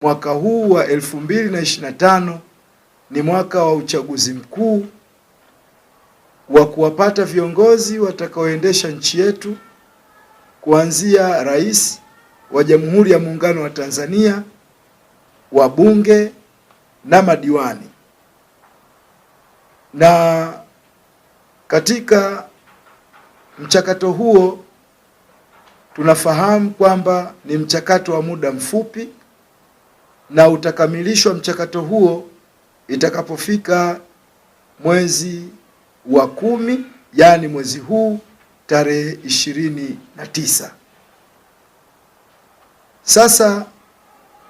Mwaka huu wa 2025 ni mwaka wa uchaguzi mkuu wa kuwapata viongozi watakaoendesha nchi yetu kuanzia rais wa Jamhuri ya Muungano wa Tanzania, wabunge na madiwani. Na katika mchakato huo tunafahamu kwamba ni mchakato wa muda mfupi na utakamilishwa mchakato huo itakapofika mwezi wa kumi, yaani mwezi huu tarehe ishirini na tisa. Sasa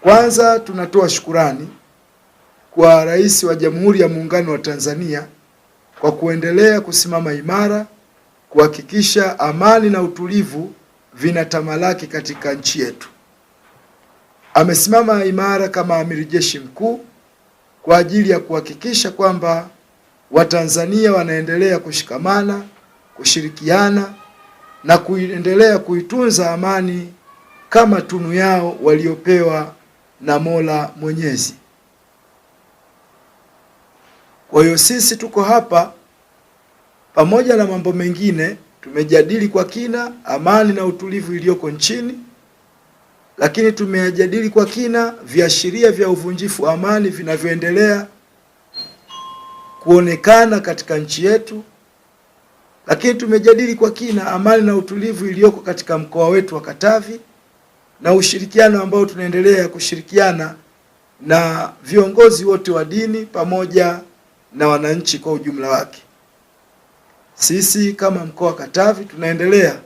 kwanza tunatoa shukurani kwa Rais wa Jamhuri ya Muungano wa Tanzania kwa kuendelea kusimama imara kuhakikisha amani na utulivu vinatamalaki katika nchi yetu. Amesimama imara kama amiri jeshi mkuu kwa ajili ya kuhakikisha kwamba Watanzania wanaendelea kushikamana, kushirikiana na kuendelea kuitunza amani kama tunu yao waliopewa na Mola Mwenyezi. Kwa hiyo sisi tuko hapa pamoja na mambo mengine tumejadili kwa kina amani na utulivu iliyoko nchini lakini tumejadili kwa kina viashiria vya uvunjifu wa amani vinavyoendelea kuonekana katika nchi yetu, lakini tumejadili kwa kina amani na utulivu iliyoko katika mkoa wetu wa Katavi na ushirikiano ambao tunaendelea kushirikiana na viongozi wote wa dini pamoja na wananchi kwa ujumla wake. Sisi kama mkoa wa Katavi tunaendelea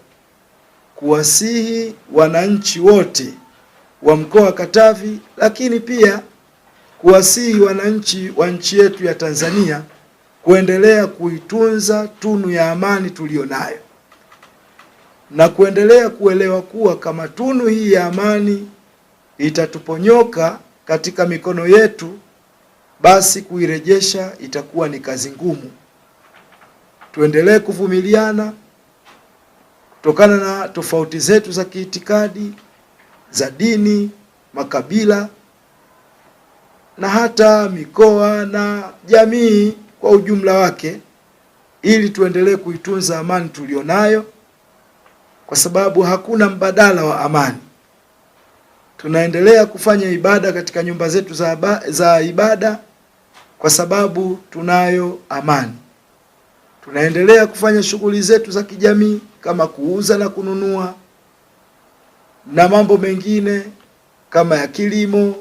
kuwasihi wananchi wote wa mkoa wa Katavi, lakini pia kuwasihi wananchi wa nchi yetu ya Tanzania kuendelea kuitunza tunu ya amani nayo na kuendelea kuelewa kuwa kama tunu hii ya amani itatuponyoka katika mikono yetu, basi kuirejesha itakuwa ni kazi ngumu. Tuendelee kuvumiliana, kutokana na tofauti zetu za kiitikadi, za dini, makabila na hata mikoa na jamii kwa ujumla wake, ili tuendelee kuitunza amani tulionayo, kwa sababu hakuna mbadala wa amani. Tunaendelea kufanya ibada katika nyumba zetu za, za ibada kwa sababu tunayo amani. Tunaendelea kufanya shughuli zetu za kijamii kama kuuza na kununua na mambo mengine kama ya kilimo,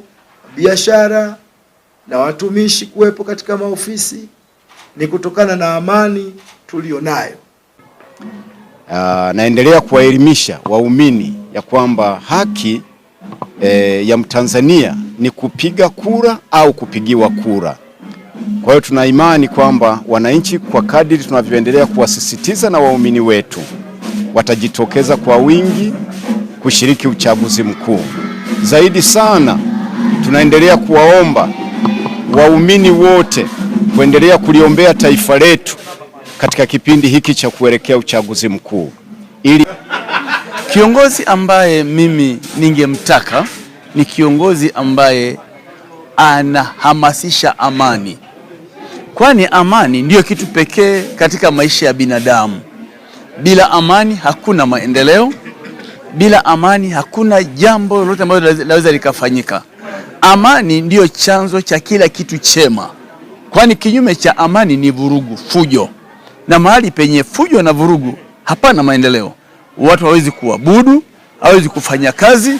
biashara na watumishi kuwepo katika maofisi ni kutokana na amani tuliyonayo. Uh, ah, naendelea kuwaelimisha waumini ya kwamba haki eh, ya Mtanzania ni kupiga kura au kupigiwa kura. Kwa hiyo tuna imani kwamba wananchi, kwa kadiri tunavyoendelea kuwasisitiza na waumini wetu watajitokeza kwa wingi kushiriki uchaguzi mkuu. Zaidi sana tunaendelea kuwaomba waumini wote kuendelea kuliombea taifa letu katika kipindi hiki cha kuelekea uchaguzi mkuu. Ili kiongozi ambaye mimi ningemtaka ni kiongozi ambaye anahamasisha amani, kwani amani ndiyo kitu pekee katika maisha ya binadamu. Bila amani hakuna maendeleo, bila amani hakuna jambo lolote ambalo linaweza likafanyika. Amani ndiyo chanzo cha kila kitu chema, kwani kinyume cha amani ni vurugu, fujo, na mahali penye fujo na vurugu hapana maendeleo. Watu hawezi kuabudu, hawezi kufanya kazi,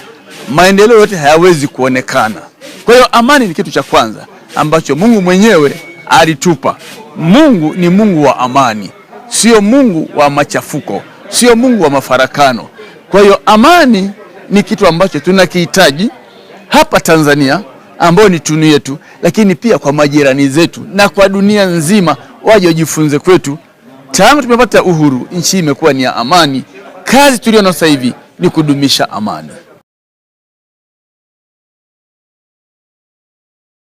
maendeleo yote hayawezi kuonekana. Kwa hiyo amani ni kitu cha kwanza ambacho Mungu mwenyewe alitupa. Mungu ni Mungu wa amani sio Mungu wa machafuko, sio Mungu wa mafarakano. Kwa hiyo amani ni kitu ambacho tunakihitaji hapa Tanzania ambayo ni tunu yetu, lakini pia kwa majirani zetu na kwa dunia nzima, waje wajifunze kwetu. Tangu tumepata uhuru, nchi imekuwa ni ya amani. Kazi tulio nayo sasa hivi ni kudumisha amani.